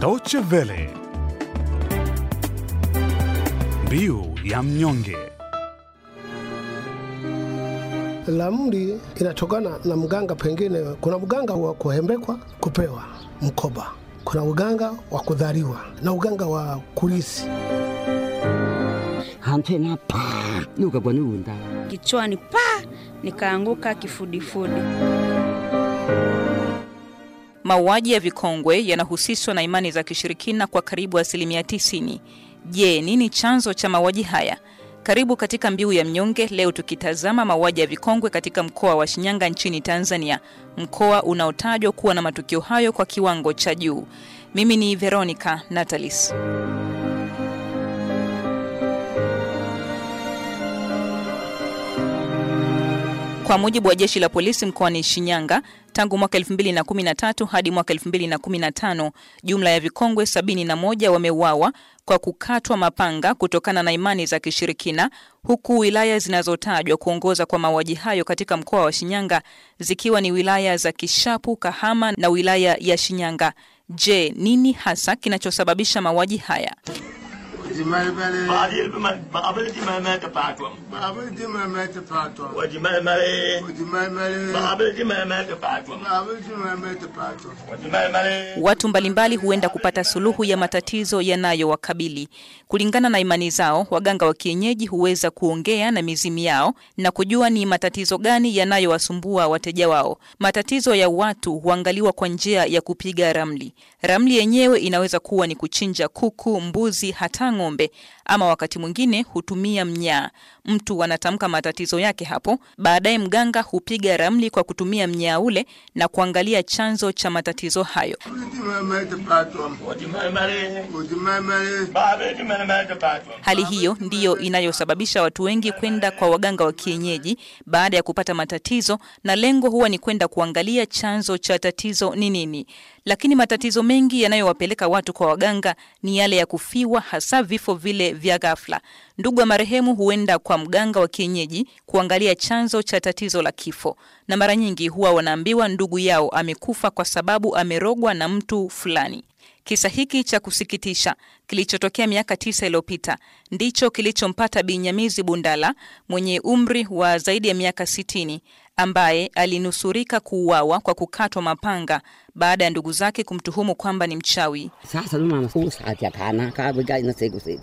Deutsche Welle. Mbiu ya mnyonge. Ramli inatokana na mganga, pengine kuna mganga wa kuhembekwa, kupewa mkoba, kuna uganga wa kudhariwa na uganga wa kulisi hantena pa nikagwa niunda kichwani pa nikaanguka kifudifudi. Mauaji ya vikongwe yanahusishwa na imani za kishirikina kwa karibu asilimia 90. Je, nini chanzo cha mauaji haya? Karibu katika Mbiu ya Mnyonge. Leo tukitazama mauaji ya vikongwe katika mkoa wa Shinyanga nchini Tanzania, mkoa unaotajwa kuwa na matukio hayo kwa kiwango cha juu. Mimi ni Veronica Natalis. Kwa mujibu wa jeshi la polisi mkoani Shinyanga, tangu mwaka 2013 hadi mwaka 2015, jumla ya vikongwe 71 wameuawa kwa kukatwa mapanga kutokana na imani za kishirikina, huku wilaya zinazotajwa kuongoza kwa mauaji hayo katika mkoa wa Shinyanga zikiwa ni wilaya za Kishapu, Kahama na wilaya ya Shinyanga. Je, nini hasa kinachosababisha mauaji haya? mali mali mali mali mali mali mali mali mali mali mali mali mali mali mali watu mbalimbali huenda kupata suluhu ya matatizo yanayowakabili kulingana na imani zao waganga wa kienyeji huweza kuongea na mizimu yao na kujua ni matatizo gani yanayowasumbua wateja wao matatizo ya watu huangaliwa kwa njia ya kupiga ramli Ramli yenyewe inaweza kuwa ni kuchinja kuku, mbuzi, hata ng'ombe ama wakati mwingine hutumia mnyaa. Mtu anatamka matatizo yake hapo, baadaye mganga hupiga ramli kwa kutumia mnyaa ule na kuangalia chanzo cha matatizo hayo. Hali hiyo ndiyo inayosababisha watu wengi kwenda kwa waganga wa kienyeji baada ya kupata matatizo, na lengo huwa ni kwenda kuangalia chanzo cha tatizo ni nini. Lakini matatizo mengi yanayowapeleka watu kwa waganga ni yale ya kufiwa, hasa vifo vile vya ghafla. Ndugu wa marehemu huenda kwa mganga wa kienyeji kuangalia chanzo cha tatizo la kifo, na mara nyingi huwa wanaambiwa ndugu yao amekufa kwa sababu amerogwa na mtu fulani. Kisa hiki cha kusikitisha kilichotokea miaka tisa iliyopita ndicho kilichompata Binyamizi Bundala mwenye umri wa zaidi ya miaka sitini ambaye alinusurika kuuawa kwa kukatwa mapanga baada ya ndugu zake kumtuhumu kwamba ni mchawi.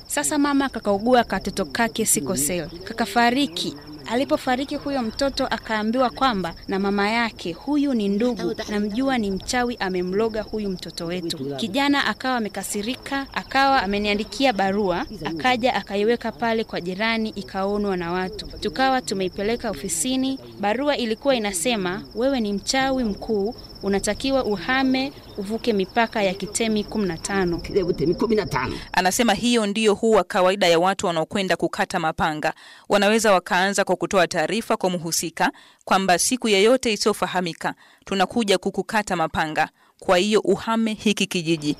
Sasa mama, kakaugua katoto kake sikoseli kakafariki Alipofariki huyo mtoto akaambiwa kwamba na mama yake, huyu ni ndugu, namjua ni mchawi, amemloga huyu mtoto wetu. Kijana akawa amekasirika, akawa ameniandikia barua, akaja akaiweka pale kwa jirani, ikaonwa na watu, tukawa tumeipeleka ofisini. Barua ilikuwa inasema, wewe ni mchawi mkuu unatakiwa uhame uvuke mipaka ya kitemi 15. Anasema hiyo ndiyo huwa kawaida ya watu wanaokwenda kukata mapanga. Wanaweza wakaanza kwa kutoa taarifa kwa mhusika kwamba siku yeyote isiyofahamika tunakuja kukukata mapanga kwa hiyo uhame hiki kijiji.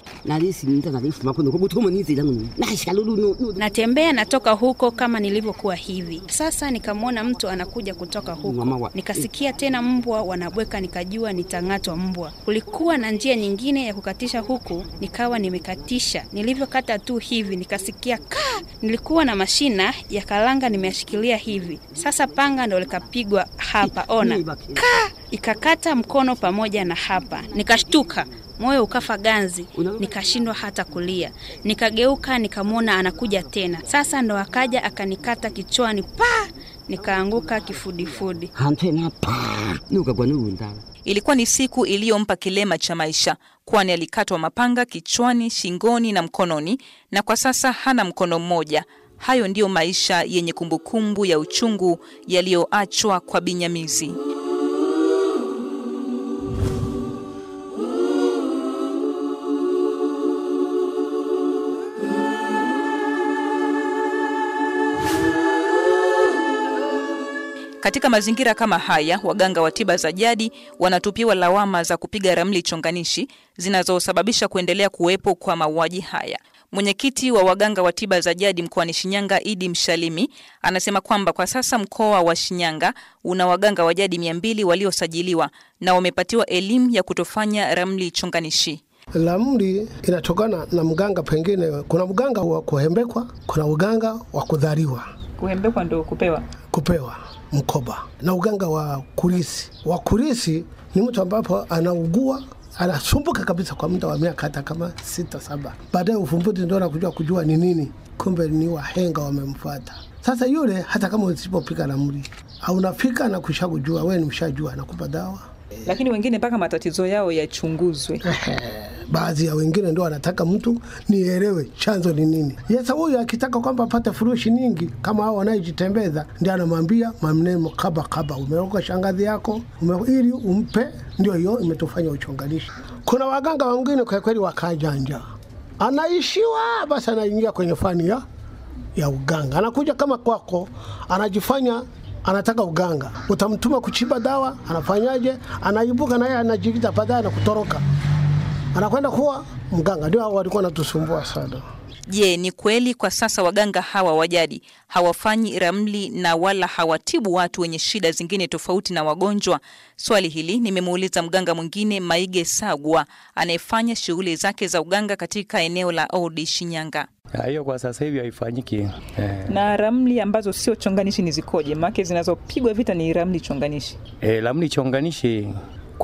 Natembea natoka huko kama nilivyokuwa hivi sasa, nikamwona mtu anakuja kutoka huko, nikasikia tena mbwa wanabweka, nikajua nitang'atwa mbwa. Kulikuwa na njia nyingine ya kukatisha huku, nikawa nimekatisha. Nilivyokata tu hivi, nikasikia kaa. Nilikuwa na mashina ya kalanga nimeashikilia hivi, sasa panga ndo likapigwa hapa, ona kaa, ikakata mkono pamoja na hapa, nikashtuka nikainuka moyo ukafa ganzi, nikashindwa hata kulia. Nikageuka nikamwona anakuja tena, sasa ndo akaja akanikata kichwani, pa nikaanguka kifudifudi. Ilikuwa ni siku iliyompa kilema cha maisha, kwani alikatwa mapanga kichwani, shingoni na mkononi, na kwa sasa hana mkono mmoja. Hayo ndiyo maisha yenye kumbukumbu ya uchungu yaliyoachwa kwa binyamizi. Katika mazingira kama haya, waganga wa tiba za jadi wanatupiwa lawama za kupiga ramli chonganishi zinazosababisha kuendelea kuwepo kwa mauaji haya. Mwenyekiti wa waganga wa tiba za jadi mkoani Shinyanga, Idi Mshalimi, anasema kwamba kwa sasa mkoa wa Shinyanga una waganga wa jadi mia mbili waliosajiliwa na wamepatiwa elimu ya kutofanya ramli chonganishi. Ramli inatokana na mganga, pengine kuna mganga wa kuhembekwa, kuna mganga wa kudhariwa. Kuhembekwa ndio kupewa, kupewa mkoba. Na uganga wa kurisi, wa kurisi ni mtu ambapo anaugua anasumbuka kabisa kwa muda wa miaka hata kama sita saba. Baadaye ufumbuzi ndio anakuja kujua ni nini, kumbe ni wahenga wamemfuata. Sasa yule hata kama usipopika na mri aunafika na kushakujua wee ni mshajua, anakupa dawa. Lakini wengine mpaka matatizo yao yachunguzwe baadhi ya wengine ndio wanataka mtu nielewe chanzo ni nini. Yasa huyu akitaka kwamba apate furushi nyingi kama hao wanayejitembeza, ndio anamwambia mamnemo kaba kaba, umeoka shangazi yako ume, ili umpe. Ndio hiyo imetufanya uchonganishi. Kuna waganga wengine kwa kweli wakajanja, anaishiwa basi, anaingia kwenye fani ya ya uganga, anakuja kama kwako, anajifanya anataka uganga, utamtuma kuchiba dawa, anafanyaje? Anaibuka naye anajiita baadaye na kutoroka anakwenda kuwa mganga. Ndio hao walikuwa wanatusumbua sana. Je, ni kweli kwa sasa waganga hawa wa jadi hawafanyi ramli na wala hawatibu watu wenye shida zingine tofauti na wagonjwa? Swali hili nimemuuliza mganga mwingine Maige Sagwa anayefanya shughuli zake za uganga katika eneo la Odi Shinyanga. Ah, hiyo kwa sasa hivi haifanyiki eh. Na ramli ambazo sio chonganishi ni zikoje? Maana zinazopigwa vita ni ramli chonganishi. Eh, ramli chonganishi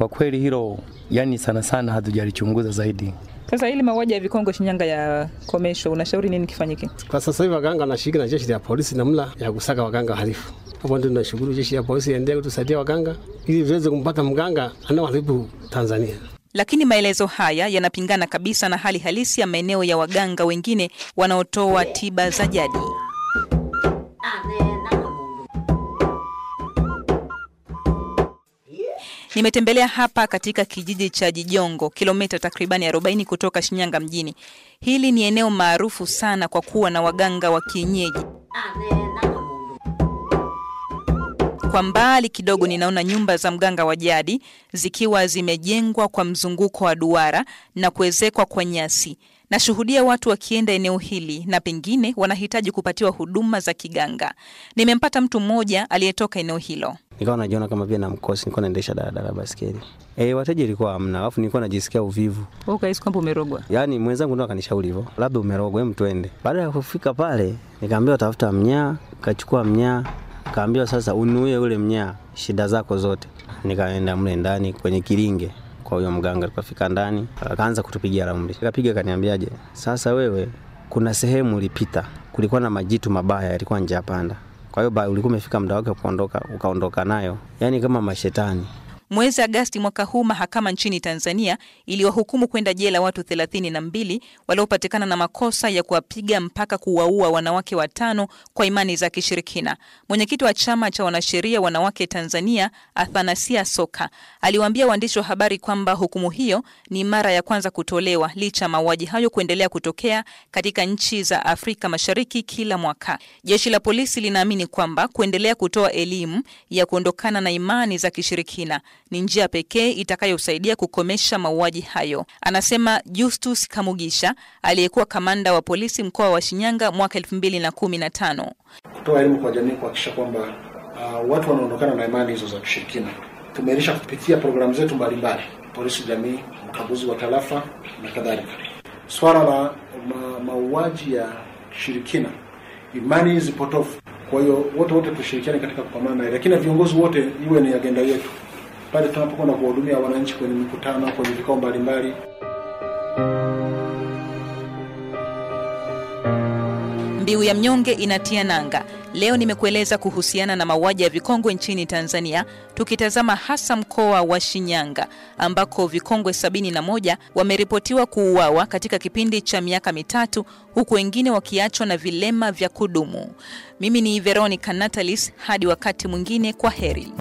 kwa kweli hilo yani sana sana hatujalichunguza zaidi. Sasa ili mauaji ya vikongo Shinyanga ya komesho, unashauri nini kifanyike? Kwa sasa hivi waganga wanashiriki na jeshi la polisi namna ya kusaka waganga halifu. Hapo ndio tunashukuru jeshi la polisi endelee kutusaidia waganga ili viweze kumpata mganga anaoharibu Tanzania. Lakini maelezo haya yanapingana kabisa na hali halisi ya maeneo ya waganga wengine wanaotoa tiba za jadi. Nimetembelea hapa katika kijiji cha Jijongo, kilomita takribani 40 kutoka Shinyanga mjini. Hili ni eneo maarufu sana kwa kuwa na waganga wa kienyeji. Kwa mbali kidogo ninaona nyumba za mganga wa jadi zikiwa zimejengwa kwa mzunguko wa duara na kuwezekwa kwa nyasi. Nashuhudia watu wakienda eneo hili na pengine wanahitaji kupatiwa huduma za kiganga. Nimempata mtu mmoja aliyetoka eneo hilo. Nikawa najiona kama vile namkosi, nilikuwa naendesha daladala baskeli. Eh, wateja ilikuwa hamna, alafu nilikuwa najisikia uvivu. Wewe ukahisi kwamba umerogwa? Yaani mwenzangu ndo akanishauri hivyo. Labda umerogwa, hem tuende. Baada ya kufika pale, nikaambiwa tafuta mnyaa, kachukua mnyaa, kaambiwa sasa unuie ule mnyaa, shida zako zote. Nikaenda mle ndani kwenye kilinge kwa huyo mganga. Alipofika ndani, akaanza kutupigia ramli, akapiga kaniambiaje sasa wewe, kuna sehemu ulipita, kulikuwa na majitu mabaya yalikuwa njia panda, kwa hiyo ulikuwa umefika muda wake kuondoka, ukaondoka nayo, yaani kama mashetani Mwezi Agasti mwaka huu mahakama nchini Tanzania iliwahukumu kwenda jela watu thelathini na mbili waliopatikana na makosa ya kuwapiga mpaka kuwaua wanawake watano kwa imani za kishirikina. Mwenyekiti wa chama cha wanasheria wanawake Tanzania, Athanasia Soka, aliwaambia waandishi wa habari kwamba hukumu hiyo ni mara ya kwanza kutolewa licha ya mauaji hayo kuendelea kutokea katika nchi za Afrika Mashariki kila mwaka. Jeshi la polisi linaamini kwamba kuendelea kutoa elimu ya kuondokana na imani za kishirikina ni njia pekee itakayosaidia kukomesha mauaji hayo, anasema Justus Kamugisha aliyekuwa kamanda wa polisi mkoa wa Shinyanga mwaka elfu mbili na kumi na tano. Kutoa elimu kwa jamii kuhakikisha kwamba uh, watu wanaondokana na imani hizo za kushirikina tumeelisha kupitia programu zetu mbalimbali, polisi jamii, mkaguzi wa tarafa na kadhalika. Swala la ma, mauaji ya shirikina, imani hizi potofu. Kwa hiyo wote wote tushirikiane katika kupambana lakini viongozi wote iwe ni agenda yetu pale tunapokwenda kuwahudumia wananchi kwenye mikutano, kwenye vikao mbalimbali. Mbiu ya mnyonge inatia nanga. Leo nimekueleza kuhusiana na mauaji ya vikongwe nchini Tanzania, tukitazama hasa mkoa wa Shinyanga ambako vikongwe 71 wameripotiwa kuuawa katika kipindi cha miaka mitatu, huku wengine wakiachwa na vilema vya kudumu. Mimi ni Veronica Natalis, hadi wakati mwingine, kwa heri.